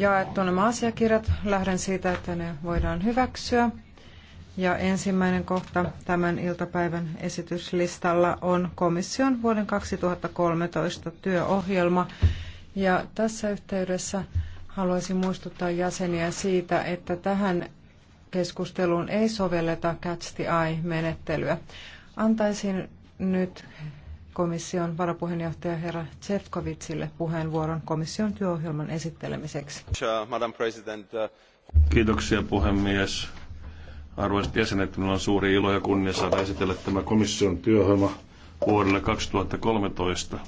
jaettu nämä asiakirjat. Lähden siitä, että ne voidaan hyväksyä. Ja ensimmäinen kohta tämän iltapäivän esityslistalla on komission vuoden 2013 työohjelma. Ja tässä yhteydessä haluaisin muistuttaa jäseniä siitä, että tähän keskusteluun ei sovelleta catch the eye-menettelyä. Antaisin nyt komission varapuheenjohtaja herra Tsefkovitsille puheenvuoron komission työohjelman esittelemiseksi. Uh, Kiitoksia puhemies. Arvoisat jäsenet, minulla on suuri ilo ja kunnia saada esitellä tämä komission työohjelma vuodelle 2013.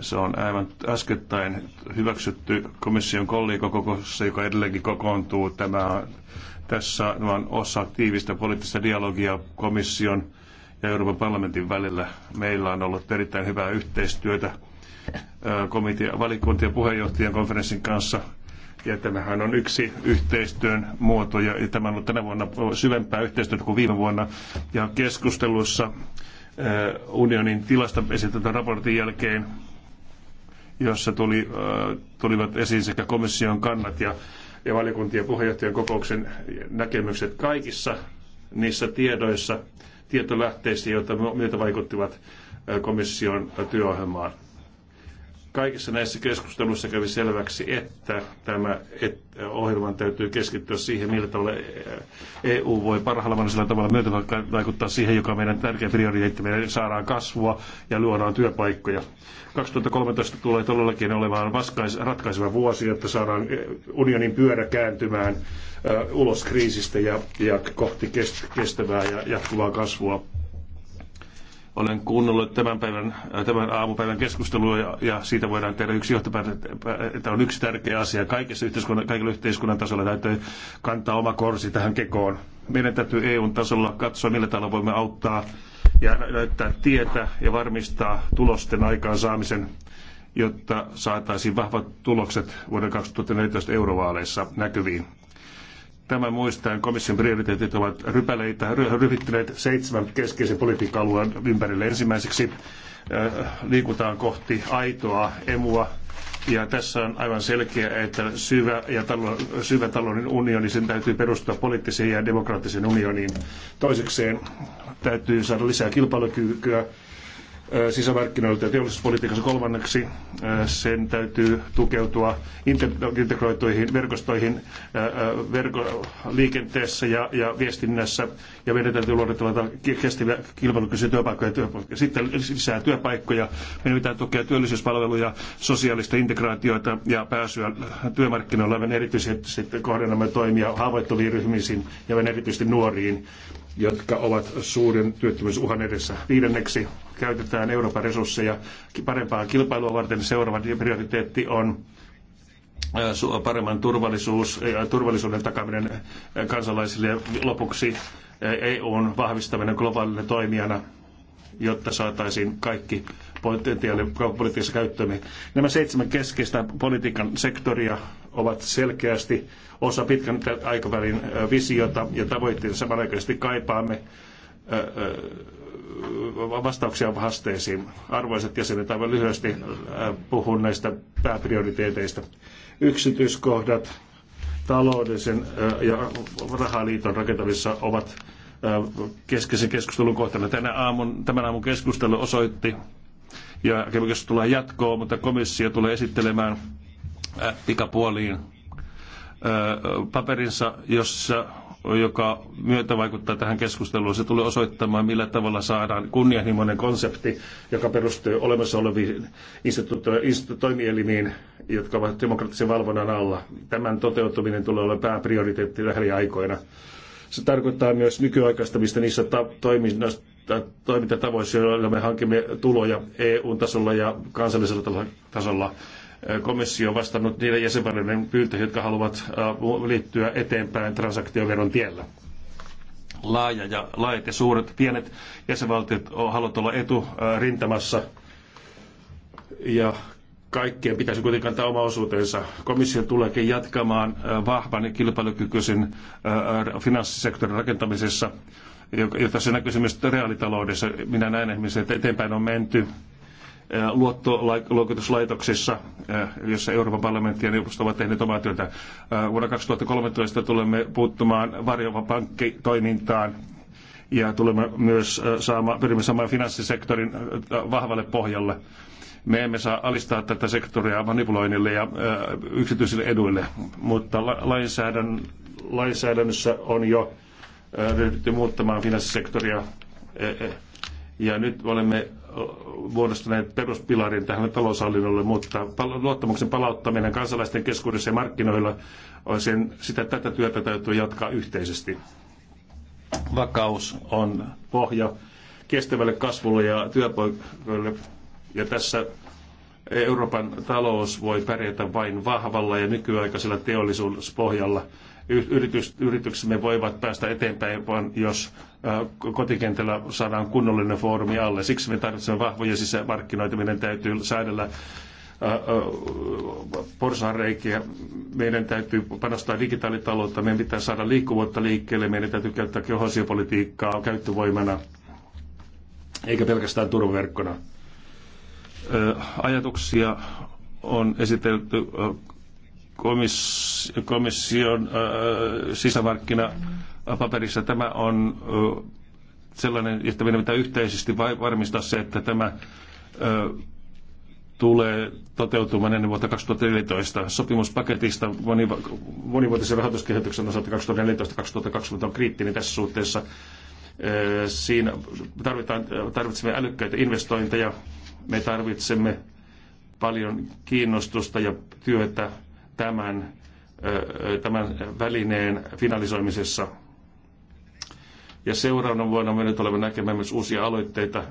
Se on aivan äskettäin hyväksytty komission kollegokokouksessa, joka edelleenkin kokoontuu. Tämä, tässä on osa tiivistä poliittista dialogia komission ja Euroopan parlamentin välillä. Meillä on ollut erittäin hyvää yhteistyötä komitea, valikuntien puheenjohtajien konferenssin kanssa. Ja tämähän on yksi yhteistyön muoto ja tämä on ollut tänä vuonna syvempää yhteistyötä kuin viime vuonna. Ja keskustelussa unionin tilasta esitetyn raportin jälkeen, jossa tuli, tulivat esiin sekä komission kannat ja, ja valiokuntien puheenjohtajan kokouksen näkemykset kaikissa niissä tiedoissa, tietolähteissä, joita myötä vaikuttivat komission työohjelmaan kaikissa näissä keskusteluissa kävi selväksi, että tämä että ohjelman täytyy keskittyä siihen, millä tavalla EU voi parhaalla mahdollisella tavalla myötä vaikuttaa siihen, joka on meidän tärkeä prioriteetti. Me saadaan kasvua ja luodaan työpaikkoja. 2013 tulee todellakin olemaan vaskais, ratkaiseva vuosi, jotta saadaan unionin pyörä kääntymään ulos kriisistä ja, ja kohti kestävää ja jatkuvaa kasvua. Olen kuunnellut tämän, päivän, tämän aamupäivän keskustelua ja, ja siitä voidaan tehdä yksi johtopäätös, että on yksi tärkeä asia. Kaikessa yhteiskunnan, kaikilla yhteiskunnan tasolla täytyy kantaa oma korsi tähän kekoon. Meidän täytyy EUn tasolla katsoa, millä tavalla voimme auttaa ja näyttää tietä ja varmistaa tulosten aikaansaamisen jotta saataisiin vahvat tulokset vuoden 2014 eurovaaleissa näkyviin. Tämä muistaen komission prioriteetit ovat rypäleitä, ryhittyneet seitsemän keskeisen politiikka-alueen ympärille. Ensimmäiseksi äh, liikutaan kohti aitoa emua, ja tässä on aivan selkeä, että syvä, ja talo, syvä talouden unioni, sen täytyy perustua poliittiseen ja demokraattiseen unioniin. Toisekseen täytyy saada lisää kilpailukykyä sisämarkkinoilta ja teollisuuspolitiikassa kolmanneksi sen täytyy tukeutua integroituihin verkostoihin verko, liikenteessä ja, ja viestinnässä ja meidän täytyy luoda kestäviä kilpailukykyisiä työpaikkoja, ja Sitten lisää työpaikkoja. Meidän pitää tukea työllisyyspalveluja, sosiaalista integraatiota ja pääsyä työmarkkinoille. Me erityisesti kohdennamme toimia haavoittuviin ryhmisiin ja erityisesti nuoriin jotka ovat suuren työttömyysuhan edessä. Viidenneksi käytetään Euroopan resursseja parempaa kilpailua varten. Seuraava prioriteetti on paremman turvallisuus, turvallisuuden takaminen kansalaisille. Lopuksi EUn vahvistaminen globaalina toimijana, jotta saataisiin kaikki potentiaali kauppapolitiikassa käyttöömme. Niin nämä seitsemän keskeistä politiikan sektoria ovat selkeästi osa pitkän aikavälin visiota ja tavoitteita. Samanaikaisesti kaipaamme vastauksia haasteisiin. Arvoisat jäsenet, aivan lyhyesti puhun näistä pääprioriteeteista. Yksityiskohdat taloudellisen ja rahaliiton rakentamisessa ovat keskeisen keskustelun kohtana. Tänä aamun, tämän aamun keskustelu osoitti, ja kemikössä tulee jatkoon, mutta komissio tulee esittelemään äh, pikapuoliin äh, paperinsa, jossa joka myötä vaikuttaa tähän keskusteluun. Se tulee osoittamaan, millä tavalla saadaan kunnianhimoinen konsepti, joka perustuu olemassa oleviin instituutio- toimielimiin, jotka ovat demokraattisen valvonnan alla. Tämän toteutuminen tulee olla pääprioriteetti lähiaikoina. Se tarkoittaa myös nykyaikaistamista niissä toiminnoissa toimintatavoissa, joilla me hankimme tuloja EU-tasolla ja kansallisella tasolla. Komissio on vastannut niiden jäsenvaltioiden pyyntöihin, jotka haluavat äh, liittyä eteenpäin transaktioveron tiellä. Laaja ja laajat ja suuret pienet jäsenvaltiot haluavat olla eturintamassa äh, ja kaikkien pitäisi kuitenkin antaa oma osuutensa. Komissio tuleekin jatkamaan äh, vahvan kilpailukykyisen finanssisektorin rakentamisessa jota se näkyy myös reaalitaloudessa. Minä näen esimerkiksi, että eteenpäin on menty luottoluokituslaitoksissa, jossa Euroopan parlamentti ja neuvosto ovat tehneet omaa työtä. Vuonna 2013 tulemme puuttumaan varjovapankkitoimintaan ja tulemme myös saamaan, pyrimme saamaan finanssisektorin vahvalle pohjalle. Me emme saa alistaa tätä sektoria manipuloinnille ja yksityisille eduille, mutta lainsäädännössä on jo ryhdytty muuttamaan finanssisektoria. Ja nyt olemme muodostaneet peruspilarin tähän taloushallinnolle, mutta luottamuksen palauttaminen kansalaisten keskuudessa ja markkinoilla, on sen, sitä tätä työtä täytyy jatkaa yhteisesti. Vakaus on pohja kestävälle kasvulle ja työpaikoille. Ja tässä Euroopan talous voi pärjätä vain vahvalla ja nykyaikaisella teollisuuspohjalla yritys, yrityksemme voivat päästä eteenpäin, vaan jos kotikentällä saadaan kunnollinen foorumi alle. Siksi me tarvitsemme vahvoja sisämarkkinoita. Meidän täytyy säädellä porsaanreikiä. Meidän täytyy panostaa digitaalitaloutta, meidän pitää saada liikkuvuutta liikkeelle, meidän täytyy käyttää kehosiopolitiikkaa käyttövoimana, eikä pelkästään turvaverkkona. Ajatuksia on esitelty komission äh, sisämarkkinapaperissa tämä on äh, sellainen, että meidän pitää yhteisesti varmistaa se, että tämä äh, tulee toteutumaan ennen vuotta 2014. Sopimuspaketista monivuotisen rahoituskehityksen osalta 2014-2020 on kriittinen tässä suhteessa. Siinä tarvitaan, tarvitsemme älykkäitä investointeja, me tarvitsemme paljon kiinnostusta ja työtä tämän, tämän välineen finalisoimisessa. Ja seuraavana vuonna me nyt olemme näkemään myös uusia aloitteita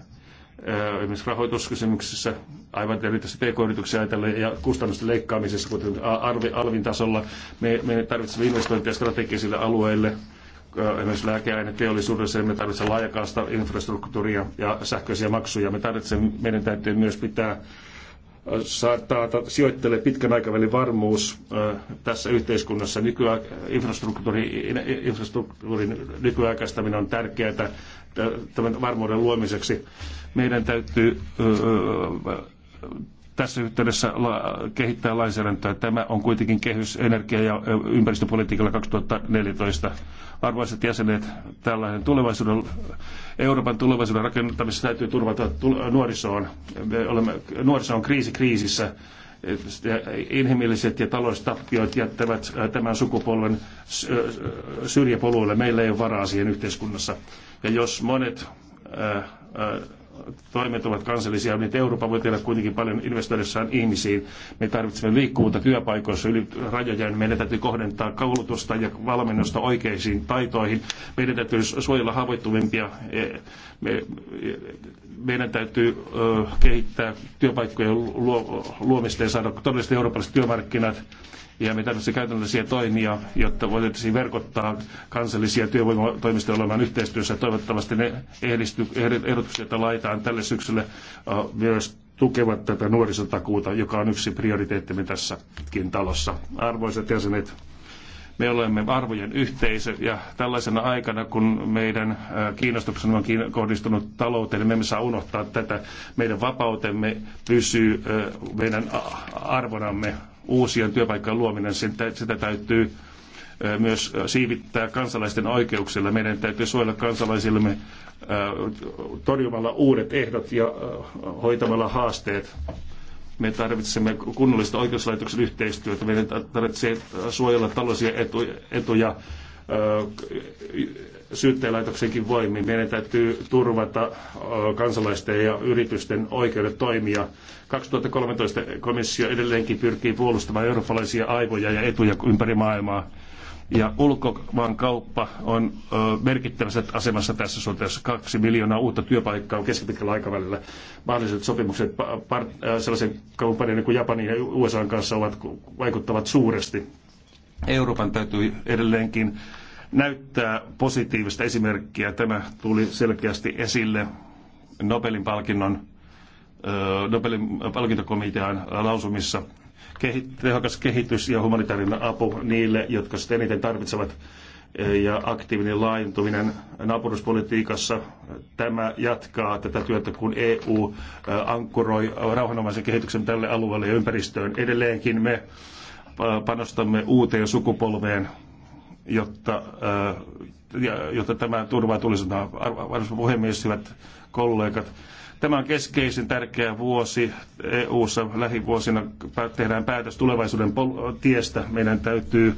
esimerkiksi rahoituskysymyksissä, aivan erityisesti pk-yrityksiä ajatellen ja kustannusten leikkaamisessa, kuten arvi, alvin tasolla. Me, me tarvitsemme investointeja strategisille alueille, esimerkiksi lääkeaineteollisuudessa, me tarvitsemme laajakaista infrastruktuuria ja sähköisiä maksuja. Me tarvitsemme, meidän täytyy myös pitää saattaa sijoittajille pitkän aikavälin varmuus tässä yhteiskunnassa. infrastruktuurin, infrastruktuurin nykyaikaistaminen on tärkeää tämän varmuuden luomiseksi. Meidän täytyy tässä yhteydessä kehittää lainsäädäntöä. Tämä on kuitenkin kehys energia- ja ympäristöpolitiikalla 2014. Arvoisat jäsenet, tällainen tulevaisuuden, Euroopan tulevaisuuden rakentamisessa täytyy turvata nuorisoon. Me olemme, nuoriso on kriisi kriisissä. Inhimilliset ja taloudelliset tappiot jättävät äh, tämän sukupolven äh, syrjäpoluille. Meillä ei ole varaa siihen yhteiskunnassa. Ja jos monet äh, toimet ovat kansallisia, mutta niin Eurooppa voi tehdä kuitenkin paljon investoidessaan ihmisiin. Me tarvitsemme liikkuvuutta työpaikoissa yli rajojen. Meidän täytyy kohdentaa koulutusta ja valmennusta oikeisiin taitoihin. Meidän täytyy suojella haavoittuvimpia. E, e, meidän täytyy kehittää työpaikkojen luomista ja saada todelliset eurooppalaiset työmarkkinat ja me tarvitsemme käytännöllisiä toimia, jotta voitaisiin verkottaa kansallisia työvoimatoimistoja olemaan yhteistyössä. Toivottavasti ne ehdotukset, joita laitaan tälle syksylle, myös tukevat tätä nuorisotakuuta, joka on yksi prioriteettimme tässäkin talossa. Arvoisat jäsenet, me olemme arvojen yhteisö ja tällaisena aikana, kun meidän kiinnostuksemme on kohdistunut talouteen, niin me emme saa unohtaa tätä. Meidän vapautemme pysyy meidän arvonamme uusien työpaikkojen luominen, sitä täytyy myös siivittää kansalaisten oikeuksilla. Meidän täytyy suojella kansalaisillemme torjumalla uudet ehdot ja hoitamalla haasteet. Me tarvitsemme kunnollista oikeuslaitoksen yhteistyötä. Meidän tarvitsee suojella taloudellisia etuja syyttäjälaitoksenkin voimin. Meidän täytyy turvata kansalaisten ja yritysten oikeudet toimia. 2013 komissio edelleenkin pyrkii puolustamaan eurooppalaisia aivoja ja etuja ympäri maailmaa. Ja ulkomaan kauppa on merkittävässä asemassa tässä suhteessa. Kaksi miljoonaa uutta työpaikkaa on keskipitkällä aikavälillä. Mahdolliset sopimukset sellaisen kumppanin niin kuin Japanin ja USA kanssa ovat, vaikuttavat suuresti Euroopan täytyy edelleenkin näyttää positiivista esimerkkiä. Tämä tuli selkeästi esille Nobelin palkinnon Nobelin palkintokomitean lausumissa tehokas kehitys ja humanitaarinen apu niille, jotka sitä eniten tarvitsevat ja aktiivinen laajentuminen naapuruspolitiikassa. Tämä jatkaa tätä työtä, kun EU ankkuroi rauhanomaisen kehityksen tälle alueelle ja ympäristöön. Edelleenkin me panostamme uuteen sukupolveen, jotta, äh, jotta tämä turva tulisi. No, arvoisa puhemies, hyvät kollegat, Tämä on keskeisen tärkeä vuosi EU-ssa. Lähivuosina tehdään päätös tulevaisuuden tiestä. Meidän täytyy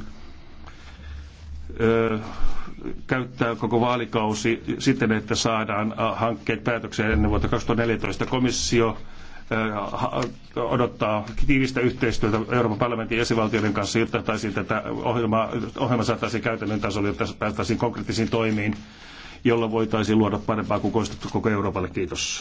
äh, käyttää koko vaalikausi siten, että saadaan äh, hankkeet päätökseen ennen vuotta 2014. Komissio odottaa tiivistä yhteistyötä Euroopan parlamentin jäsenvaltioiden kanssa, jotta tätä ohjelmaa, ohjelma saataisiin käytännön tasolle, jotta päästäisiin konkreettisiin toimiin, jolla voitaisiin luoda parempaa kukoistusta koko Euroopalle. Kiitos.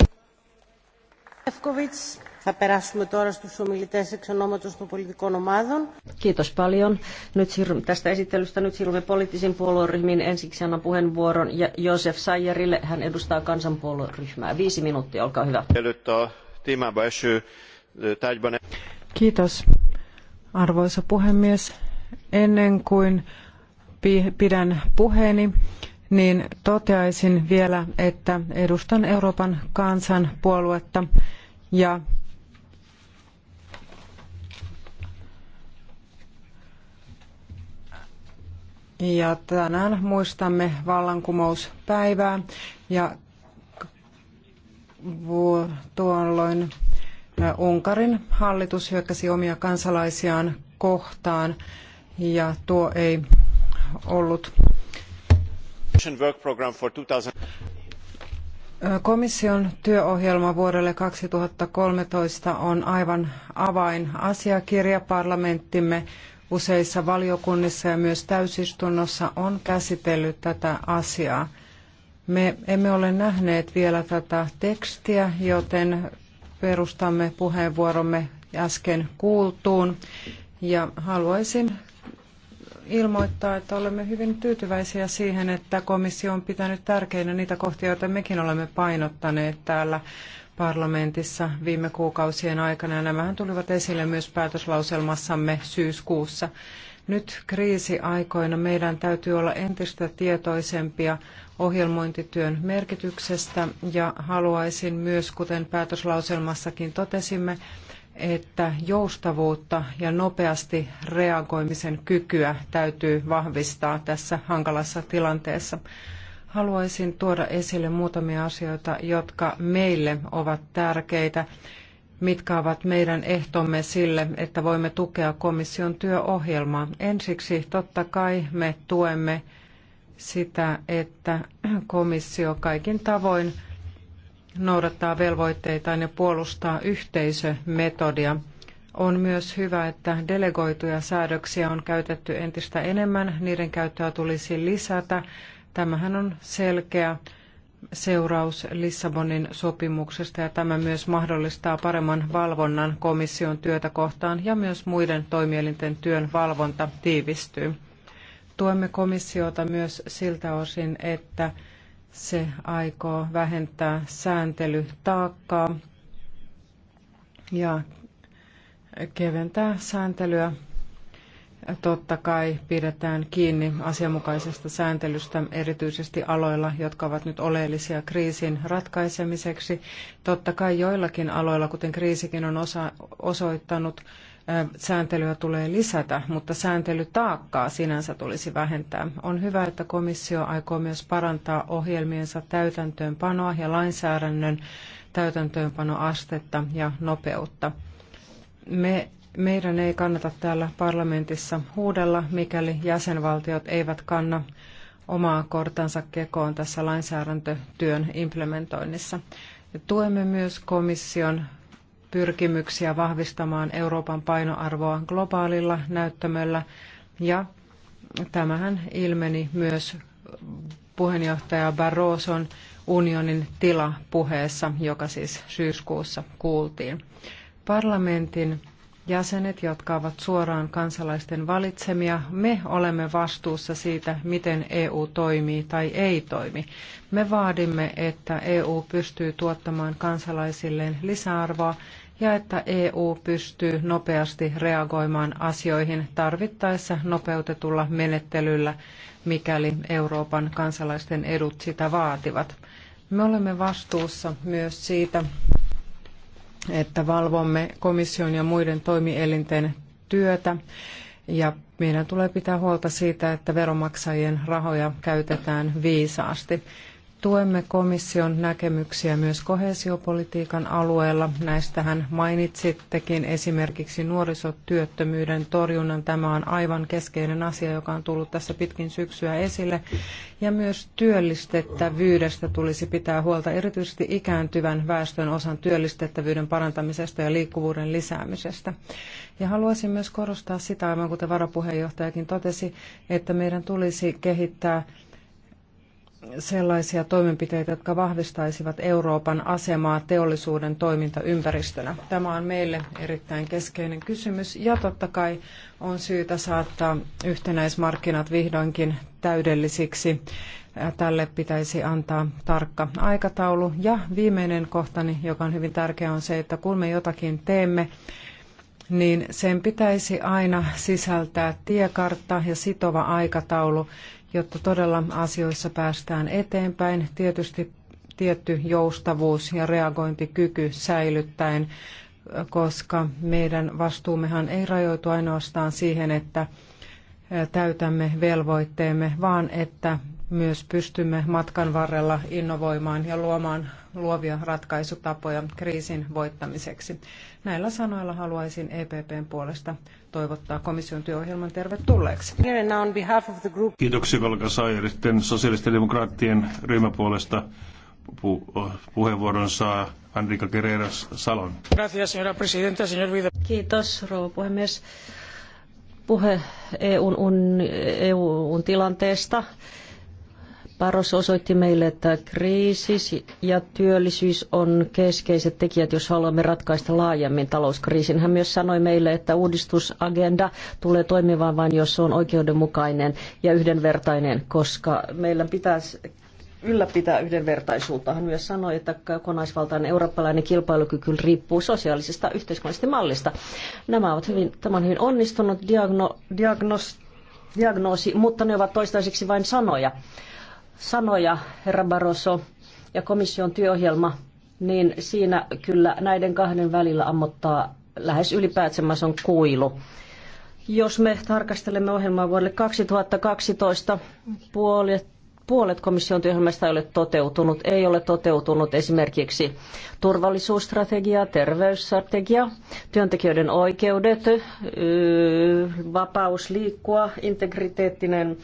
Kiitos paljon. Nyt tästä esittelystä. Nyt siirrymme poliittisiin puolueryhmiin. Ensiksi annan puheenvuoron Josef Sayerille. Hän edustaa kansanpuolueryhmää. Viisi minuuttia, olkaa hyvä témába eső tárgyban... E- Kiitos, arvoisa puhemies. Ennen kuin pidän puheeni, niin toteaisin vielä, että edustan Euroopan kansanpuoluetta ja Ja tänään muistamme vallankumouspäivää ja tuolloin Unkarin hallitus hyökkäsi omia kansalaisiaan kohtaan ja tuo ei ollut Komission työohjelma vuodelle 2013 on aivan avainasiakirja. Parlamenttimme useissa valiokunnissa ja myös täysistunnossa on käsitellyt tätä asiaa. Me emme ole nähneet vielä tätä tekstiä, joten perustamme puheenvuoromme äsken kuultuun. Ja haluaisin ilmoittaa, että olemme hyvin tyytyväisiä siihen, että komissio on pitänyt tärkeinä niitä kohtia, joita mekin olemme painottaneet täällä parlamentissa viime kuukausien aikana. Ja nämähän tulivat esille myös päätöslauselmassamme syyskuussa. Nyt kriisiaikoina meidän täytyy olla entistä tietoisempia ohjelmointityön merkityksestä ja haluaisin myös, kuten päätöslauselmassakin totesimme, että joustavuutta ja nopeasti reagoimisen kykyä täytyy vahvistaa tässä hankalassa tilanteessa. Haluaisin tuoda esille muutamia asioita, jotka meille ovat tärkeitä, mitkä ovat meidän ehtomme sille, että voimme tukea komission työohjelmaa. Ensiksi totta kai me tuemme sitä, että komissio kaikin tavoin noudattaa velvoitteitaan ja puolustaa yhteisömetodia. On myös hyvä, että delegoituja säädöksiä on käytetty entistä enemmän, niiden käyttöä tulisi lisätä. Tämähän on selkeä seuraus Lissabonin sopimuksesta ja tämä myös mahdollistaa paremman valvonnan komission työtä kohtaan ja myös muiden toimielinten työn valvonta tiivistyy. Tuemme komissiota myös siltä osin, että se aikoo vähentää sääntelytaakkaa ja keventää sääntelyä. Totta kai pidetään kiinni asianmukaisesta sääntelystä erityisesti aloilla, jotka ovat nyt oleellisia kriisin ratkaisemiseksi. Totta kai joillakin aloilla, kuten kriisikin on osa, osoittanut, sääntelyä tulee lisätä, mutta sääntelytaakkaa sinänsä tulisi vähentää. On hyvä, että komissio aikoo myös parantaa ohjelmiensa täytäntöönpanoa ja lainsäädännön täytäntöönpanoastetta ja nopeutta. Me, meidän ei kannata täällä parlamentissa huudella, mikäli jäsenvaltiot eivät kanna omaa kortansa kekoon tässä lainsäädäntötyön implementoinnissa. Tuemme myös komission pyrkimyksiä vahvistamaan Euroopan painoarvoa globaalilla näyttämöllä ja tämähän ilmeni myös puheenjohtaja Barroson unionin tila puheessa, joka siis syyskuussa kuultiin. Parlamentin jäsenet, jotka ovat suoraan kansalaisten valitsemia, me olemme vastuussa siitä, miten EU toimii tai ei toimi. Me vaadimme, että EU pystyy tuottamaan kansalaisilleen lisäarvoa ja että EU pystyy nopeasti reagoimaan asioihin tarvittaessa nopeutetulla menettelyllä, mikäli Euroopan kansalaisten edut sitä vaativat. Me olemme vastuussa myös siitä, että valvomme komission ja muiden toimielinten työtä ja meidän tulee pitää huolta siitä, että veronmaksajien rahoja käytetään viisaasti. Tuemme komission näkemyksiä myös koheesiopolitiikan alueella. Näistähän mainitsittekin esimerkiksi nuorisotyöttömyyden torjunnan. Tämä on aivan keskeinen asia, joka on tullut tässä pitkin syksyä esille. Ja myös työllistettävyydestä tulisi pitää huolta erityisesti ikääntyvän väestön osan työllistettävyyden parantamisesta ja liikkuvuuden lisäämisestä. Ja haluaisin myös korostaa sitä, aivan kuten varapuheenjohtajakin totesi, että meidän tulisi kehittää sellaisia toimenpiteitä, jotka vahvistaisivat Euroopan asemaa teollisuuden toimintaympäristönä? Tämä on meille erittäin keskeinen kysymys ja totta kai on syytä saattaa yhtenäismarkkinat vihdoinkin täydellisiksi. Tälle pitäisi antaa tarkka aikataulu. Ja viimeinen kohtani, joka on hyvin tärkeä, on se, että kun me jotakin teemme, niin sen pitäisi aina sisältää tiekartta ja sitova aikataulu, jotta todella asioissa päästään eteenpäin. Tietysti tietty joustavuus ja reagointikyky säilyttäen, koska meidän vastuummehan ei rajoitu ainoastaan siihen, että täytämme velvoitteemme, vaan että myös pystymme matkan varrella innovoimaan ja luomaan luovia ratkaisutapoja kriisin voittamiseksi. Näillä sanoilla haluaisin EPPn puolesta toivottaa komission työohjelman tervetulleeksi. Kiitoksia Velka Sairisten sosiaalisten ryhmän ryhmäpuolesta pu- puheenvuoron saa Andrika Guerrero Salon. Kiitos, rouva puhemies. Puhe EUn, un, EUn e tilanteesta Paros osoitti meille, että kriisi ja työllisyys on keskeiset tekijät, jos haluamme ratkaista laajemmin talouskriisin. Hän myös sanoi meille, että uudistusagenda tulee toimimaan vain, jos se on oikeudenmukainen ja yhdenvertainen, koska meillä pitäisi ylläpitää yhdenvertaisuutta. Hän myös sanoi, että kokonaisvaltainen eurooppalainen kilpailukyky riippuu sosiaalisesta yhteiskunnallisesta mallista. Nämä ovat hyvin, tämä on hyvin onnistunut diagno, diagnos, diagnoosi, mutta ne ovat toistaiseksi vain sanoja sanoja, herra Barroso, ja komission työohjelma, niin siinä kyllä näiden kahden välillä ammottaa lähes ylipäätsemässä on kuilu. Jos me tarkastelemme ohjelmaa vuodelle 2012, puolet, puolet komission työohjelmasta ei ole toteutunut. Ei ole toteutunut esimerkiksi turvallisuusstrategia, terveysstrategia, työntekijöiden oikeudet, vapaus liikkua, integriteettinen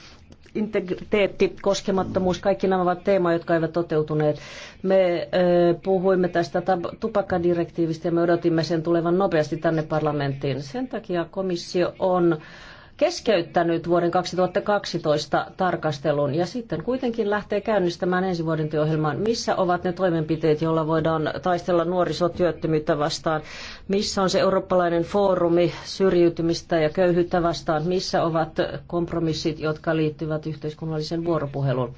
integriteetti, koskemattomuus, kaikki nämä ovat teemoja, jotka eivät toteutuneet. Me ö, puhuimme tästä tupakkadirektiivistä ja me odotimme sen tulevan nopeasti tänne parlamenttiin. Sen takia komissio on keskeyttänyt vuoden 2012 tarkastelun ja sitten kuitenkin lähtee käynnistämään ensi vuoden työohjelman. Missä ovat ne toimenpiteet, joilla voidaan taistella nuorisotyöttömyyttä vastaan? Missä on se eurooppalainen foorumi syrjiytymistä ja köyhyyttä vastaan? Missä ovat kompromissit, jotka liittyvät yhteiskunnalliseen vuoropuheluun?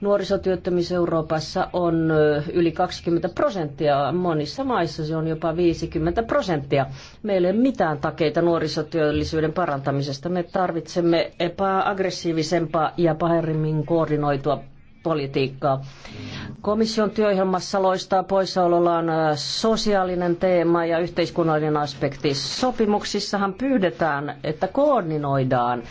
Nuorisotyöttömyys Euroopassa on yli 20 prosenttia, monissa maissa se on jopa 50 prosenttia. Meillä ei ole mitään takeita nuorisotyöllisyyden parantamisesta. Me tarvitsemme epäaggressiivisempaa ja paremmin koordinoitua politiikkaa. Komission työohjelmassa loistaa poissaolollaan sosiaalinen teema ja yhteiskunnallinen aspekti. Sopimuksissahan pyydetään, että koordinoidaan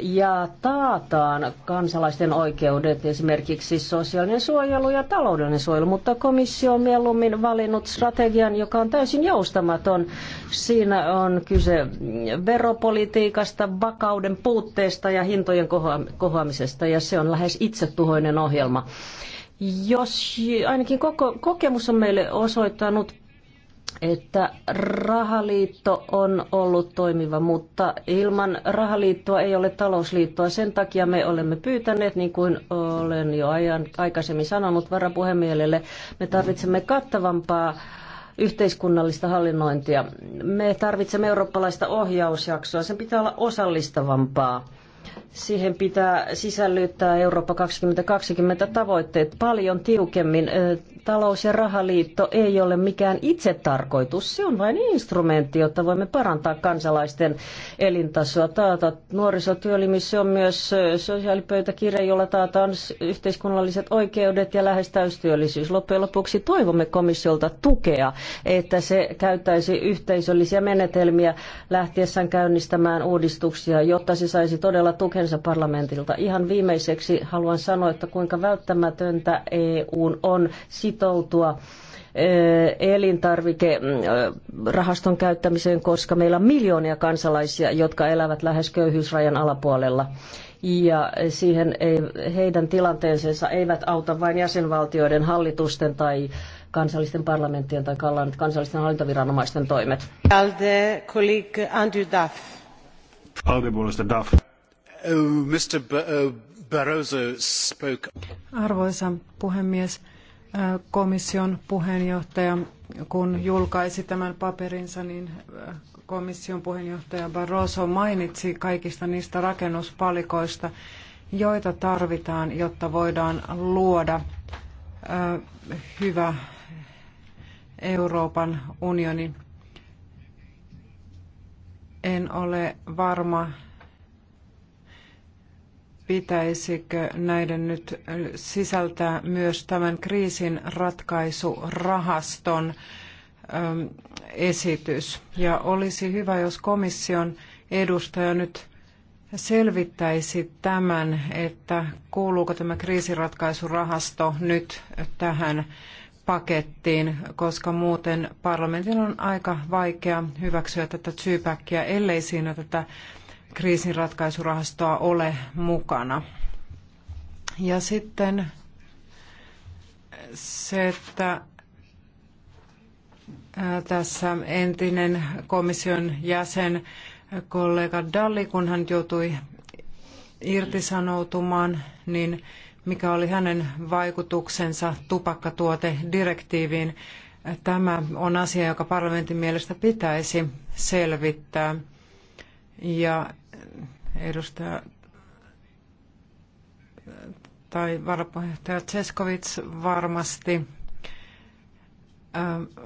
ja taataan kansalaisten oikeudet, esimerkiksi sosiaalinen suojelu ja taloudellinen suojelu, mutta komissio on mieluummin valinnut strategian, joka on täysin joustamaton. Siinä on kyse veropolitiikasta, vakauden puutteesta ja hintojen kohoamisesta, ja se on lähes itsetuhoinen ohjelma. Jos ainakin koko, kokemus on meille osoittanut että rahaliitto on ollut toimiva, mutta ilman rahaliittoa ei ole talousliittoa. Sen takia me olemme pyytäneet, niin kuin olen jo ajan, aikaisemmin sanonut varapuhemielelle, me tarvitsemme kattavampaa yhteiskunnallista hallinnointia. Me tarvitsemme eurooppalaista ohjausjaksoa, sen pitää olla osallistavampaa. Siihen pitää sisällyttää Eurooppa 2020 tavoitteet paljon tiukemmin. Talous- ja rahaliitto ei ole mikään itsetarkoitus, se on vain instrumentti, jotta voimme parantaa kansalaisten elintasoa. Taata nuorisotyölimis, se on myös sosiaalipöytäkirja, jolla taataan yhteiskunnalliset oikeudet ja täystyöllisyys. Loppujen lopuksi toivomme komissiolta tukea, että se käyttäisi yhteisöllisiä menetelmiä lähtiessään käynnistämään uudistuksia, jotta se saisi todella tukensa työnsä parlamentilta. Ihan viimeiseksi haluan sanoa, että kuinka välttämätöntä EU on sitoutua eh, elintarvikerahaston käyttämiseen, koska meillä on miljoonia kansalaisia, jotka elävät lähes köyhyysrajan alapuolella. Ja siihen ei, heidän tilanteensa eivät auta vain jäsenvaltioiden hallitusten tai kansallisten parlamenttien tai kansallisten hallintoviranomaisten toimet. Alde, kollega Andrew Duff. Alde puolesta Duff. Oh, oh, Arvoisa puhemies, eh, komission puheenjohtaja, kun julkaisi tämän paperinsa, niin eh, komission puheenjohtaja Barroso mainitsi kaikista niistä rakennuspalikoista, joita tarvitaan, jotta voidaan luoda eh, hyvä Euroopan unioni. En ole varma, pitäisikö näiden nyt sisältää myös tämän kriisin ratkaisurahaston ähm, esitys. Ja olisi hyvä, jos komission edustaja nyt selvittäisi tämän, että kuuluuko tämä kriisiratkaisurahasto nyt tähän pakettiin, koska muuten parlamentin on aika vaikea hyväksyä tätä syypäkkiä, ellei siinä tätä kriisinratkaisurahastoa ole mukana. Ja sitten se, että tässä entinen komission jäsen kollega Dalli, kun hän joutui irtisanoutumaan, niin mikä oli hänen vaikutuksensa tupakkatuotedirektiiviin. Tämä on asia, joka parlamentin mielestä pitäisi selvittää. Ja edustaja tai varapuheenjohtaja Tseskovits varmasti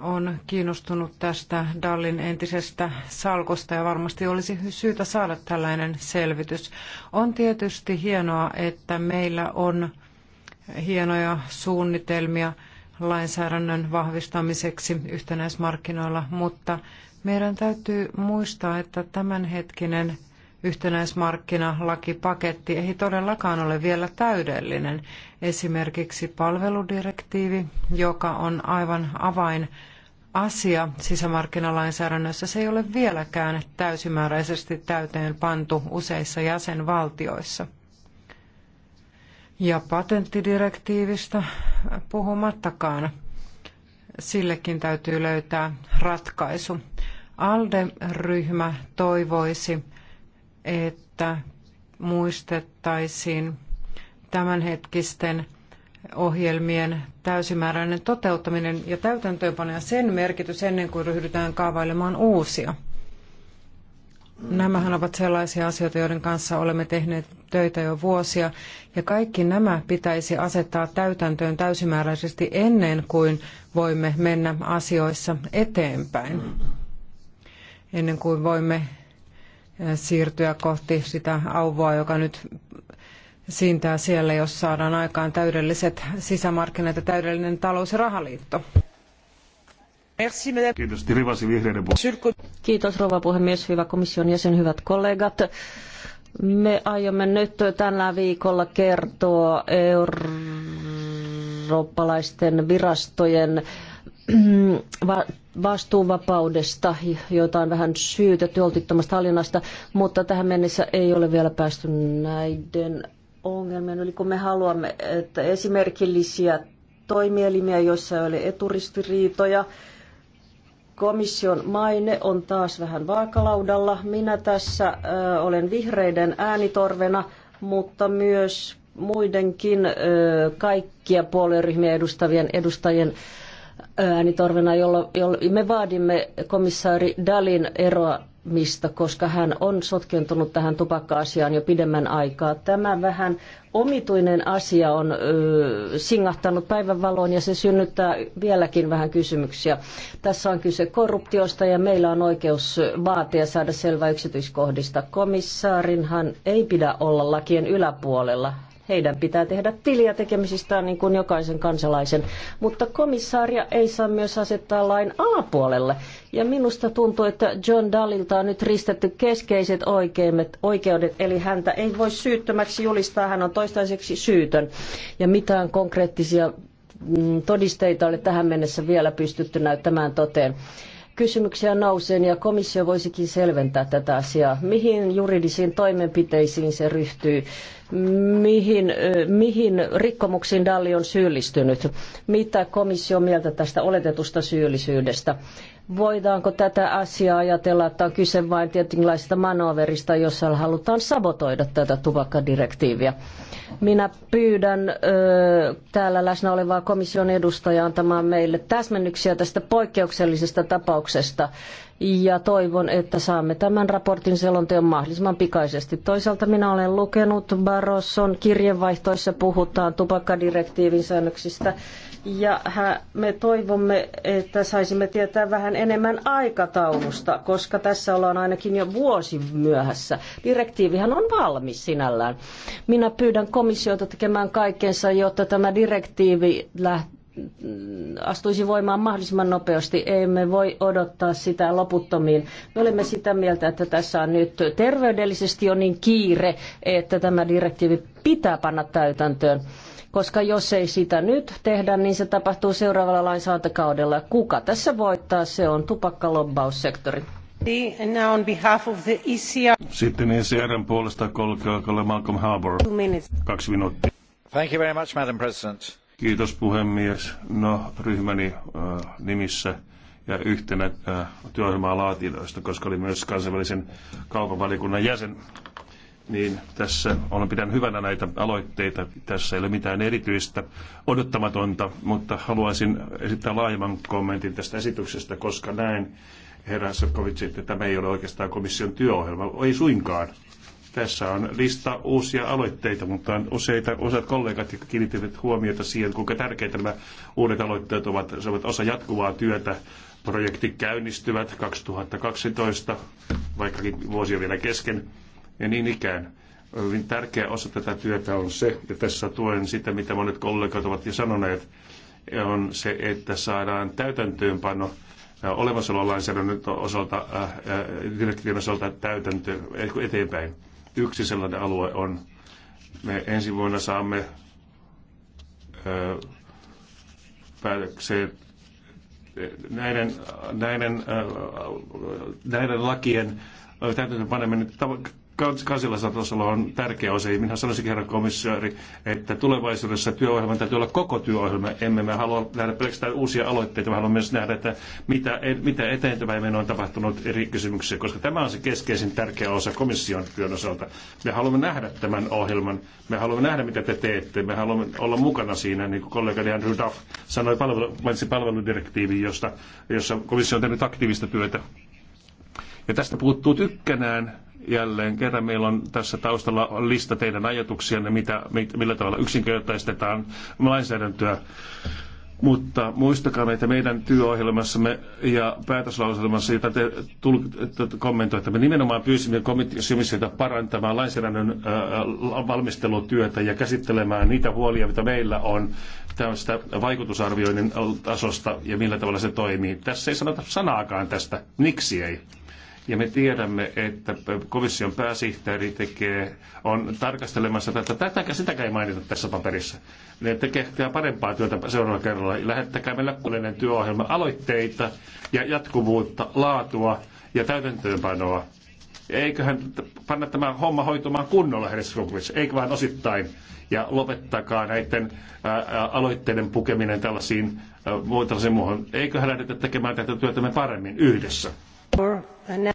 on kiinnostunut tästä Dallin entisestä salkosta ja varmasti olisi syytä saada tällainen selvitys. On tietysti hienoa, että meillä on hienoja suunnitelmia lainsäädännön vahvistamiseksi yhtenäismarkkinoilla, mutta meidän täytyy muistaa, että tämänhetkinen yhtenäismarkkinalakipaketti ei todellakaan ole vielä täydellinen. Esimerkiksi palveludirektiivi, joka on aivan avain asia sisämarkkinalainsäädännössä, se ei ole vieläkään täysimääräisesti täyteen pantu useissa jäsenvaltioissa. Ja patenttidirektiivistä puhumattakaan, sillekin täytyy löytää ratkaisu. ALDE-ryhmä toivoisi, että muistettaisiin tämänhetkisten ohjelmien täysimääräinen toteuttaminen ja täytäntöönpano ja sen merkitys ennen kuin ryhdytään kaavailemaan uusia. Nämähän ovat sellaisia asioita, joiden kanssa olemme tehneet töitä jo vuosia, ja kaikki nämä pitäisi asettaa täytäntöön täysimääräisesti ennen kuin voimme mennä asioissa eteenpäin, ennen kuin voimme siirtyä kohti sitä auvoa, joka nyt siintää siellä, jos saadaan aikaan täydelliset sisämarkkinat ja täydellinen talous- ja rahaliitto. Kiitos, Rivasi, vihreiden Kiitos rouva puhemies, hyvä komission jäsen, hyvät kollegat. Me aiomme nyt tällä viikolla kertoa eurooppalaisten virastojen vastuuvapaudesta, jota on vähän syytetty holtittomasta hallinnasta, mutta tähän mennessä ei ole vielä päästy näiden ongelmien yli, kun me haluamme, että esimerkillisiä toimielimiä, joissa ei ole eturistiriitoja, komission maine on taas vähän vaakalaudalla. Minä tässä ö, olen vihreiden äänitorvena, mutta myös muidenkin ö, kaikkia puolueryhmiä edustavien edustajien äänitorvena, jolloin, jollo me vaadimme komissaari Dalin eroa mistä, koska hän on sotkentunut tähän tupakka-asiaan jo pidemmän aikaa. Tämä vähän omituinen asia on ö, singahtanut päivänvaloon ja se synnyttää vieläkin vähän kysymyksiä. Tässä on kyse korruptiosta ja meillä on oikeus vaatia saada selvä yksityiskohdista. Komissaarinhan ei pidä olla lakien yläpuolella. Heidän pitää tehdä tiliä tekemisistään niin kuin jokaisen kansalaisen. Mutta komissaaria ei saa myös asettaa lain alapuolelle. Ja minusta tuntuu, että John Dallilta on nyt ristetty keskeiset oikeudet, eli häntä ei voi syyttömäksi julistaa, hän on toistaiseksi syytön. Ja mitään konkreettisia mm, todisteita ole tähän mennessä vielä pystytty näyttämään toteen kysymyksiä nousee ja komissio voisikin selventää tätä asiaa. Mihin juridisiin toimenpiteisiin se ryhtyy? Mihin, mihin rikkomuksiin Dalli on syyllistynyt? Mitä komissio on mieltä tästä oletetusta syyllisyydestä? Voidaanko tätä asiaa ajatella, että on kyse vain tietynlaisesta manoverista, jossa halutaan sabotoida tätä tupakkadirektiiviä? Minä pyydän ö, täällä läsnä olevaa komission edustajaa antamaan meille täsmennyksiä tästä poikkeuksellisesta tapauksesta. Ja toivon, että saamme tämän raportin selonteon mahdollisimman pikaisesti. Toisaalta minä olen lukenut Barroson kirjeenvaihtoissa puhutaan tupakkadirektiivin säännöksistä ja me toivomme, että saisimme tietää vähän enemmän aikataulusta, koska tässä ollaan ainakin jo vuosi myöhässä. Direktiivihän on valmis sinällään. Minä pyydän komissiota tekemään kaikkensa, jotta tämä direktiivi lähtee astuisi voimaan mahdollisimman nopeasti. Emme voi odottaa sitä loputtomiin. Me olemme sitä mieltä, että tässä on nyt terveydellisesti jo niin kiire, että tämä direktiivi pitää panna täytäntöön koska jos ei sitä nyt tehdä, niin se tapahtuu seuraavalla lainsäädäntökaudella. Kuka tässä voittaa? Se on tupakkalobbaussektori. E Sitten ECRn puolesta kolkeakolle Malcolm Harbour. Kaksi minuuttia. Thank you very much, Madam President. Kiitos puhemies. No, ryhmäni äh, nimissä ja yhtenä äh, työohjelmaa laatijoista, koska oli myös kansainvälisen kaupan jäsen niin tässä olen pitänyt hyvänä näitä aloitteita. Tässä ei ole mitään erityistä odottamatonta, mutta haluaisin esittää laajemman kommentin tästä esityksestä, koska näen, herra Sefkovic, että tämä ei ole oikeastaan komission työohjelma. Ei suinkaan. Tässä on lista uusia aloitteita, mutta on useita osat kollegat, jotka kiinnittivät huomiota siihen, kuinka tärkeitä nämä uudet aloitteet ovat. Se ovat osa jatkuvaa työtä. projekti käynnistyvät 2012, vaikkakin vuosi on vielä kesken ja niin ikään hyvin tärkeä osa tätä työtä on se, ja tässä tuen sitä, mitä monet kollegat ovat jo sanoneet, on se, että saadaan täytäntöönpano äh, olemassaololainsäädännön osalta, äh, äh, direktiivin osalta täytäntö eteenpäin. Yksi sellainen alue on, me ensi vuonna saamme päätökseen näiden, näiden, näiden lakien paneminen kansallisella tasolla on tärkeä osa. Minä sanoisin, herra komissaari, että tulevaisuudessa työohjelman täytyy olla koko työohjelma. Emme me halua nähdä pelkästään uusia aloitteita, vaan haluamme myös nähdä, että mitä, mitä eteenpäin on tapahtunut eri kysymyksiä, koska tämä on se keskeisin tärkeä osa komission työn osalta. Me haluamme nähdä tämän ohjelman. Me haluamme nähdä, mitä te teette. Me haluamme olla mukana siinä, niin kuin kollegani Andrew Duff sanoi, palvelu, mainitsi palveludirektiivi, josta, jossa komissio on tehnyt aktiivista työtä. Ja tästä puuttuu tykkänään Jälleen kerran meillä on tässä taustalla lista teidän ajatuksianne, mitä, millä tavalla yksinkertaistetaan lainsäädäntöä. Mutta muistakaa, että meidän työohjelmassamme ja päätöslauselmassa, jota te kommentoitte, me nimenomaan pyysimme komissiota parantamaan lainsäädännön äh, valmistelutyötä ja käsittelemään niitä huolia, mitä meillä on tästä vaikutusarvioinnin tasosta ja millä tavalla se toimii. Tässä ei sanota sanaakaan tästä. Miksi ei? Ja me tiedämme, että komission pääsihteeri tekee, on tarkastelemassa tätä. Tätäkään sitäkään ei mainita tässä paperissa. Ne tekee parempaa työtä seuraavalla kerralla. Lähettäkää meille kunnollinen työohjelma aloitteita ja jatkuvuutta, laatua ja täytäntöönpanoa. Eiköhän panna tämä homma hoitumaan kunnolla, herra Skokvits, eikä vain osittain ja lopettakaa näiden aloitteiden pukeminen tällaisiin, muotoisiin muuhun. Eiköhän lähdetä tekemään tätä työtä me paremmin yhdessä.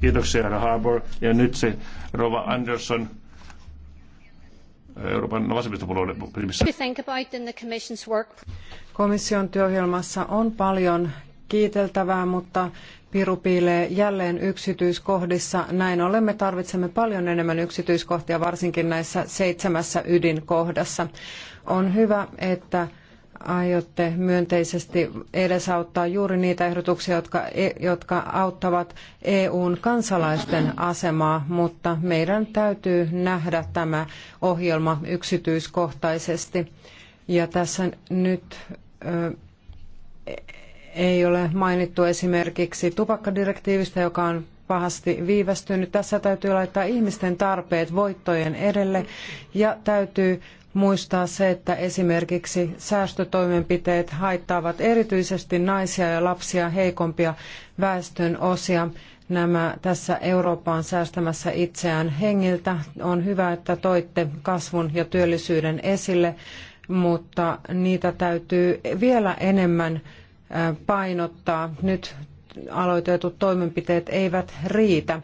Kiitoksia, herra Harbour. Ja nyt se Rova Anderson. Euroopan vasemmistopuolueen nimissä. Komission työohjelmassa on paljon kiiteltävää, mutta piru piilee jälleen yksityiskohdissa. Näin ollen me tarvitsemme paljon enemmän yksityiskohtia, varsinkin näissä seitsemässä ydinkohdassa. On hyvä, että aiotte myönteisesti edesauttaa juuri niitä ehdotuksia, jotka, jotka auttavat EUn kansalaisten asemaa, mutta meidän täytyy nähdä tämä ohjelma yksityiskohtaisesti. Ja tässä nyt ei ole mainittu esimerkiksi tupakkadirektiivistä, joka on pahasti viivästynyt. Tässä täytyy laittaa ihmisten tarpeet voittojen edelle ja täytyy muistaa se, että esimerkiksi säästötoimenpiteet haittaavat erityisesti naisia ja lapsia heikompia väestön osia. Nämä tässä Eurooppa on säästämässä itseään hengiltä. On hyvä, että toitte kasvun ja työllisyyden esille, mutta niitä täytyy vielä enemmän painottaa. Nyt aloitetut toimenpiteet eivät riitä.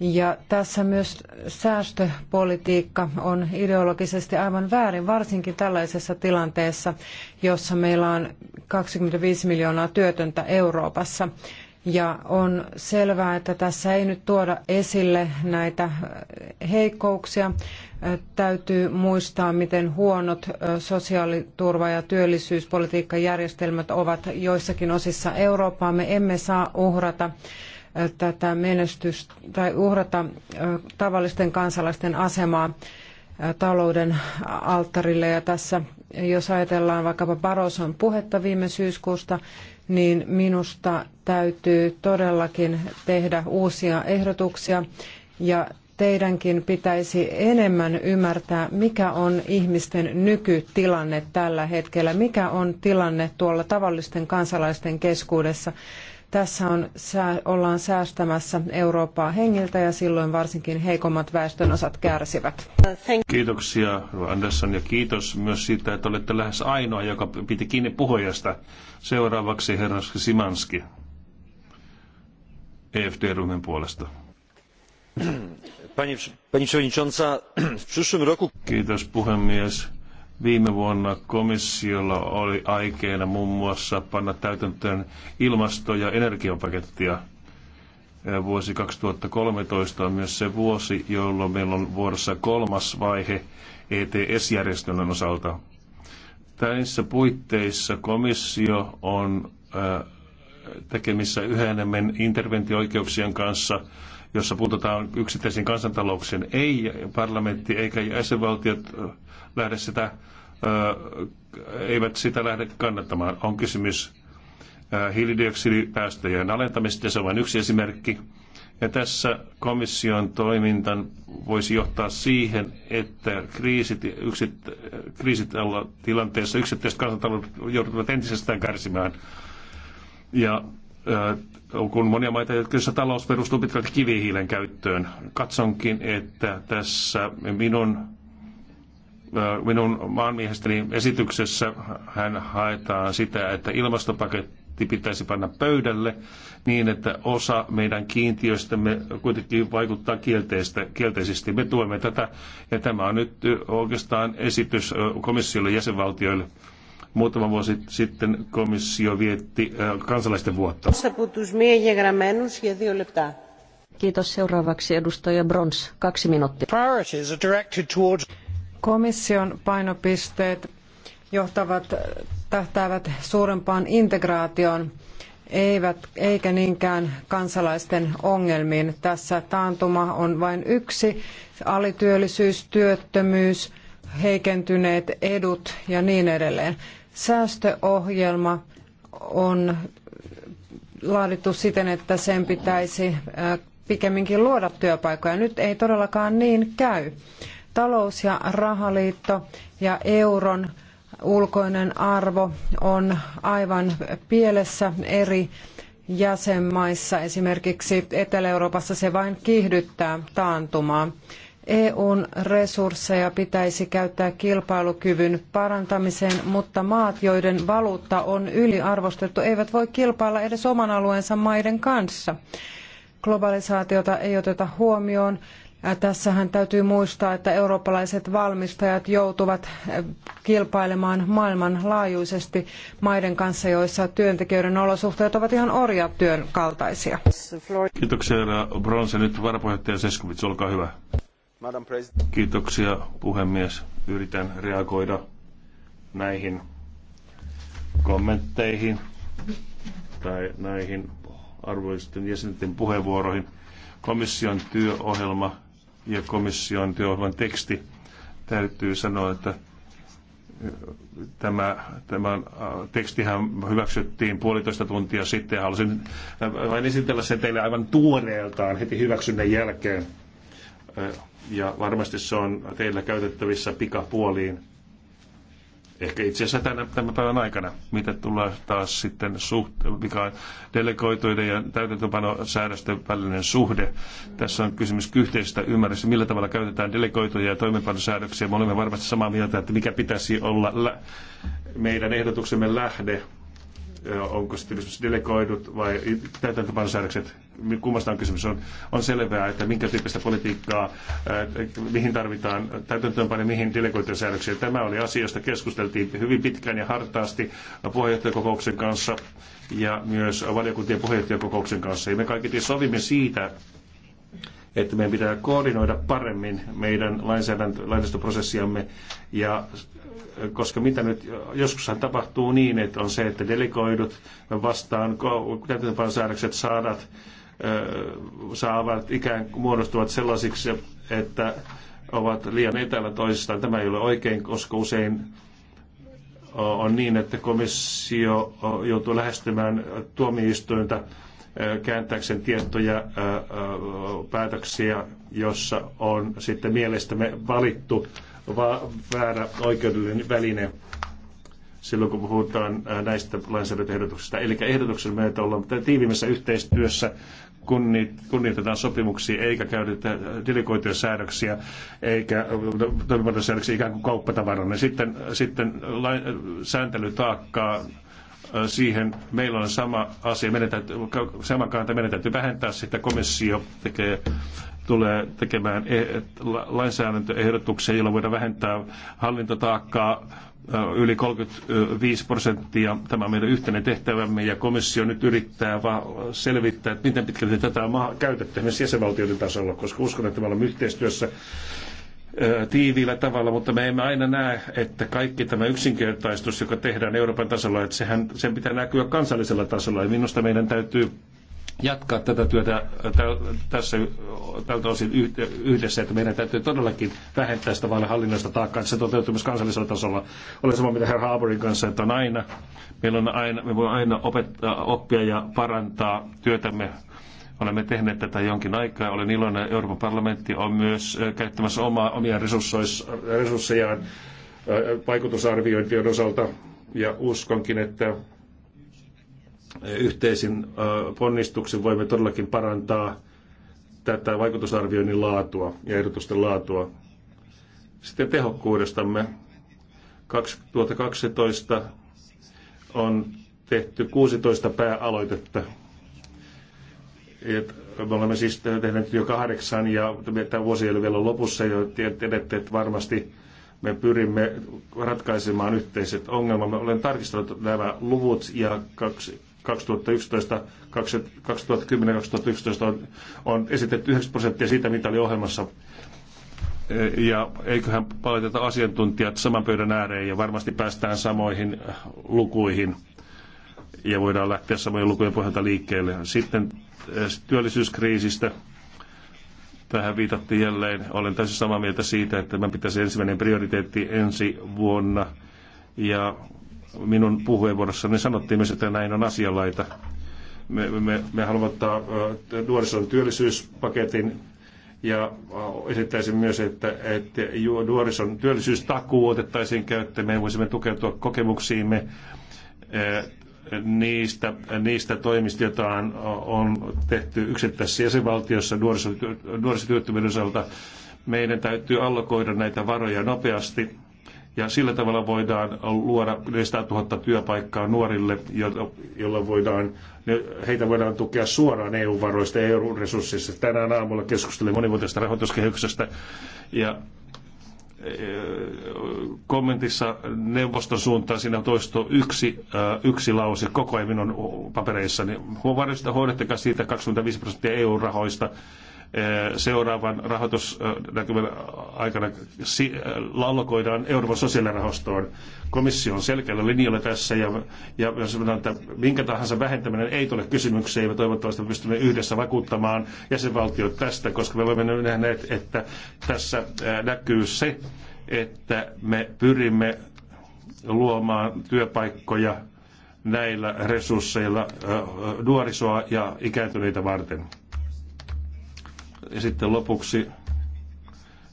Ja tässä myös säästöpolitiikka on ideologisesti aivan väärin, varsinkin tällaisessa tilanteessa, jossa meillä on 25 miljoonaa työtöntä Euroopassa. Ja on selvää, että tässä ei nyt tuoda esille näitä heikkouksia. Täytyy muistaa, miten huonot sosiaaliturva- ja työllisyyspolitiikkajärjestelmät ovat joissakin osissa Eurooppaa. Me emme saa uhrata tätä menestystä tai uhrata tavallisten kansalaisten asemaa talouden alttarille. Ja tässä, jos ajatellaan vaikkapa Baroson puhetta viime syyskuusta, niin minusta täytyy todellakin tehdä uusia ehdotuksia ja teidänkin pitäisi enemmän ymmärtää, mikä on ihmisten nykytilanne tällä hetkellä, mikä on tilanne tuolla tavallisten kansalaisten keskuudessa. Tässä on, ollaan säästämässä Eurooppaa hengiltä ja silloin varsinkin heikommat väestönosat kärsivät. Kiitoksia Andersson ja kiitos myös siitä, että olette lähes ainoa, joka piti kiinni puhujasta. Seuraavaksi herra Simanski EFD-ryhmän puolesta. Pani, pani Kiitos puhemies Viime vuonna komissiolla oli aikeena muun muassa panna täytäntöön ilmasto- ja energiapakettia. Vuosi 2013 on myös se vuosi, jolloin meillä on vuorossa kolmas vaihe ETS-järjestelmän osalta. Tässä puitteissa komissio on tekemissä yhä enemmän interventioikeuksien kanssa – jossa puututaan yksittäisiin kansantalouksiin. Ei parlamentti eikä jäsenvaltiot lähde sitä, eivät sitä lähde kannattamaan. On kysymys hiilidioksidipäästöjen alentamisesta ja se on vain yksi esimerkki. Ja tässä komission toiminta voisi johtaa siihen, että kriisit, yksit, kriisit tilanteessa yksittäiset kansantaloudet joutuvat entisestään kärsimään. Ja kun monia maita, joissa talous perustuu pitkälti kivihiilen käyttöön. Katsonkin, että tässä minun, minun maanmiehestäni esityksessä hän haetaan sitä, että ilmastopaketti pitäisi panna pöydälle niin, että osa meidän kiintiöistämme kuitenkin vaikuttaa kielteistä, kielteisesti. Me tuemme tätä ja tämä on nyt oikeastaan esitys komissiolle jäsenvaltioille. Muutama vuosi sitten komissio vietti äh, kansalaisten vuotta. Kiitos. Seuraavaksi edustaja Brons, kaksi minuuttia. Komission painopisteet johtavat, tähtäävät suurempaan integraatioon eivät, eikä niinkään kansalaisten ongelmiin. Tässä taantuma on vain yksi, alityöllisyys, työttömyys heikentyneet edut ja niin edelleen. Säästöohjelma on laadittu siten, että sen pitäisi pikemminkin luoda työpaikkoja. Nyt ei todellakaan niin käy. Talous- ja rahaliitto ja euron ulkoinen arvo on aivan pielessä eri jäsenmaissa. Esimerkiksi Etelä-Euroopassa se vain kiihdyttää taantumaa. EUn resursseja pitäisi käyttää kilpailukyvyn parantamiseen, mutta maat, joiden valuutta on yliarvostettu, eivät voi kilpailla edes oman alueensa maiden kanssa. Globalisaatiota ei oteta huomioon. Äh, tässähän täytyy muistaa, että eurooppalaiset valmistajat joutuvat äh, kilpailemaan maailmanlaajuisesti maiden kanssa, joissa työntekijöiden olosuhteet ovat ihan orjatyön kaltaisia. Kiitoksia, Bronse. Nyt varapuheenjohtaja Seskovits, olkaa hyvä. Madam President. Kiitoksia puhemies. Yritän reagoida näihin kommentteihin tai näihin arvoisten jäsenten puheenvuoroihin. Komission työohjelma ja komission työohjelman teksti täytyy sanoa, että äh, tämä, tämä äh, tekstihän hyväksyttiin puolitoista tuntia sitten ja halusin äh, vain esitellä sen teille aivan tuoreeltaan heti hyväksynnän jälkeen ja varmasti se on teillä käytettävissä pikapuoliin. Ehkä itse asiassa tänä, tämän päivän aikana, mitä tulee taas sitten suht, mikä on delegoituiden ja täytäntöpanosäädösten välinen suhde. Tässä on kysymys yhteisestä ymmärrystä, millä tavalla käytetään delegoituja ja toimenpanosäädöksiä. Me olemme varmasti samaa mieltä, että mikä pitäisi olla meidän ehdotuksemme lähde onko sitten delegoidut vai täytäntöpanosäädökset, kummasta on kysymys. On, on selvää, että minkä tyyppistä politiikkaa, ää, mihin tarvitaan täytäntöönpano, mihin delegoituja säädöksiä. Tämä oli asia, josta keskusteltiin hyvin pitkään ja hartaasti puheenjohtajakokouksen kanssa ja myös valiokuntien puheenjohtajakokouksen kanssa. Ja me kaikki sovimme siitä, että meidän pitää koordinoida paremmin meidän lainsäädäntöprosessiamme. Ja äh, koska mitä nyt, joskushan tapahtuu niin, että on se, että delegoidut vastaan täytäntöpanosäädökset saadat, äh, saavat ikään kuin muodostuvat sellaisiksi, että ovat liian etäällä toisistaan. Tämä ei ole oikein, koska usein äh, on niin, että komissio joutuu lähestymään tuomioistuinta kääntääkseen tiettyjä päätöksiä, jossa on sitten mielestämme valittu väärä oikeudellinen väline silloin, kun puhutaan näistä lainsäädäntöehdotuksista. Eli ehdotuksen meitä ollaan tiiviimmässä yhteistyössä, kunnioitetaan sopimuksia, eikä käytetä delegoituja säädöksiä, eikä toimivaltaisäädöksiä ikään kuin kauppatavarana. Sitten, sitten sääntelytaakkaa siihen meillä on sama asia, sama kanta, meidän täytyy vähentää sitä, komissio tekee, tulee tekemään e, lainsäädäntöehdotuksia, joilla voidaan vähentää hallintotaakkaa yli 35 prosenttia. Tämä on meidän yhteinen tehtävämme ja komissio nyt yrittää vaan selvittää, että miten pitkälti tätä on käytetty myös jäsenvaltioiden tasolla, koska uskon, että me olemme yhteistyössä tiiviillä tavalla, mutta me emme aina näe, että kaikki tämä yksinkertaistus, joka tehdään Euroopan tasolla, että sehän, sen pitää näkyä kansallisella tasolla. Ja minusta meidän täytyy jatkaa tätä työtä tässä tältä osin yhdessä, että meidän täytyy todellakin vähentää sitä vaille hallinnoista taakkaa, että se toteutuu myös kansallisella tasolla. Olen samaa mitä herra Haaberin kanssa, että on aina, meillä on aina, me voimme aina opettaa, oppia ja parantaa työtämme Olemme tehneet tätä jonkin aikaa. Olen iloinen, että Euroopan parlamentti on myös käyttämässä omaa, omia resurssejaan vaikutusarviointien osalta. Ja uskonkin, että yhteisin ponnistuksen voimme todellakin parantaa tätä vaikutusarvioinnin laatua ja ehdotusten laatua. Sitten tehokkuudestamme. 2012 on tehty 16 pääaloitetta et me olemme siis tehneet jo kahdeksan ja tämä vuosi ei ole vielä lopussa ja tiedätte, että varmasti me pyrimme ratkaisemaan yhteiset ongelmat. Olen tarkistanut nämä luvut ja 2011, 2010, 2011 on, on esitetty 9 prosenttia siitä, mitä oli ohjelmassa. Ja eiköhän paleteta asiantuntijat saman pöydän ääreen ja varmasti päästään samoihin lukuihin ja voidaan lähteä samojen lukujen pohjalta liikkeelle. Sitten Eh, työllisyyskriisistä. Tähän viitattiin jälleen. Olen täysin samaa mieltä siitä, että minä pitäisi ensimmäinen prioriteetti ensi vuonna. Ja minun puheenvuorossani sanottiin myös, että näin on asialaita. Me, me, me haluamme ottaa eh, nuorison työllisyyspaketin ja eh, esittäisin myös, että, että nuorison työllisyystakuu otettaisiin käyttöön. Me voisimme tukeutua kokemuksiimme niistä, niistä toimista, joita on, on tehty yksittäisessä jäsenvaltiossa nuorisotyöttömyyden osalta. Meidän täytyy allokoida näitä varoja nopeasti ja sillä tavalla voidaan luoda 400 000 työpaikkaa nuorille, jolla voidaan, heitä voidaan tukea suoraan EU-varoista ja EU-resursseista. Tänään aamulla keskustelin monivuotisesta rahoituskehyksestä ja kommentissa neuvoston suuntaan siinä toistuu yksi, äh, yksi lause koko ajan minun papereissani. että hoidettakaa siitä 25 prosenttia EU-rahoista seuraavan rahoitusnäkymän aikana allokoidaan Euroopan sosiaalirahastoon. Komissio on selkeällä linjalla tässä ja, ja jos sanotaan, että minkä tahansa vähentäminen ei tule kysymykseen ja toivottavasti pystymme yhdessä vakuuttamaan jäsenvaltiot tästä, koska me olemme nähneet, että tässä näkyy se, että me pyrimme luomaan työpaikkoja näillä resursseilla nuorisoa ja ikääntyneitä varten. Ja sitten lopuksi,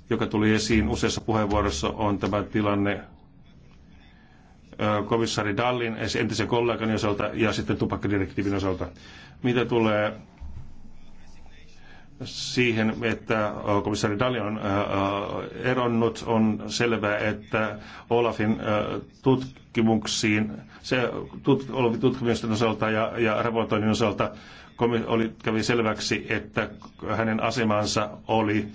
joka tuli esiin useassa puheenvuorossa, on tämä tilanne komissaari Dallin entisen kollegan osalta ja sitten tupakkadirektiivin osalta. Mitä tulee siihen, että komissaari Dallin on eronnut, on selvää, että Olafin tutkimuksiin, se tut, Olafin tutkimusten osalta ja, ja raportoinnin osalta oli, kävi selväksi, että hänen asemansa oli,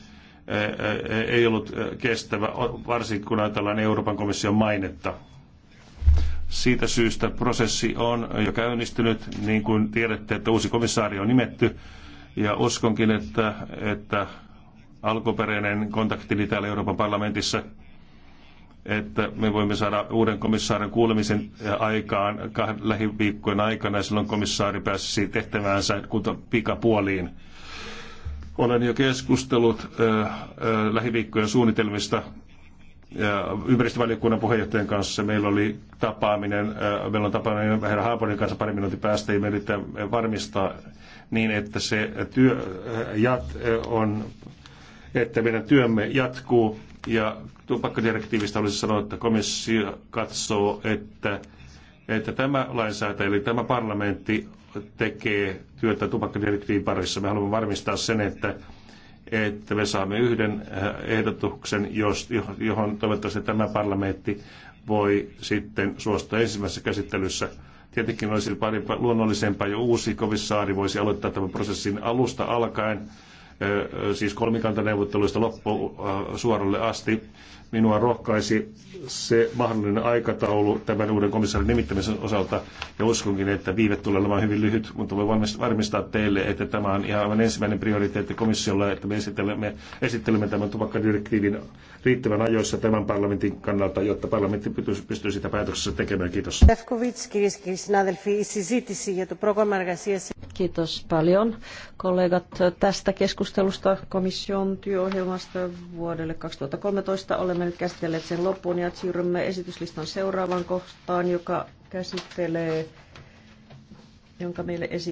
ei ollut kestävä, varsinkin kun ajatellaan Euroopan komission mainetta. Siitä syystä prosessi on jo käynnistynyt, niin kuin tiedätte, että uusi komissaari on nimetty, ja uskonkin, että, että alkuperäinen kontaktini täällä Euroopan parlamentissa – että me voimme saada uuden komissaarin kuulemisen äh, aikaan kahden lähiviikkojen aikana, ja silloin komissaari pääsisi tehtäväänsä kunta pikapuoliin. Olen jo keskustellut äh, äh, lähiviikkojen suunnitelmista ympäristövaliokunnan puheenjohtajan kanssa. Meillä oli tapaaminen, meillä on tapaaminen herra Haaponin kanssa pari minuutin päästä, ja me yritämme varmistaa niin, että se työ jat, on, että meidän työmme jatkuu ja tupakkadirektiivistä olisi sanonut, että komissio katsoo, että, että tämä lainsäätäjä, eli tämä parlamentti tekee työtä tupakkadirektiivin parissa. Me haluamme varmistaa sen, että, että me saamme yhden eh, ehdotuksen, johon toivottavasti tämä parlamentti voi sitten suostua ensimmäisessä käsittelyssä. Tietenkin olisi paljon luonnollisempaa, jo uusi komissaari voisi aloittaa tämän prosessin alusta alkaen siis kolmikantaneuvotteluista loppusuoralle asti. Minua rohkaisi se mahdollinen aikataulu tämän uuden komissaarin nimittämisen osalta, ja uskonkin, että viive tulee olemaan hyvin lyhyt, mutta voin varmistaa teille, että tämä on ihan ensimmäinen prioriteetti komissiolle, että me esittelemme, esittelemme tämän tupakkadirektiivin riittävän ajoissa tämän parlamentin kannalta, jotta parlamentti pystyy sitä päätöksessä tekemään. Kiitos. Kiitos paljon kollegat tästä keskustelusta komission työohjelmasta vuodelle 2013. Olemme nyt käsitelleet sen loppuun ja siirrymme esityslistan seuraavaan kohtaan, joka käsittelee jonka meille esi-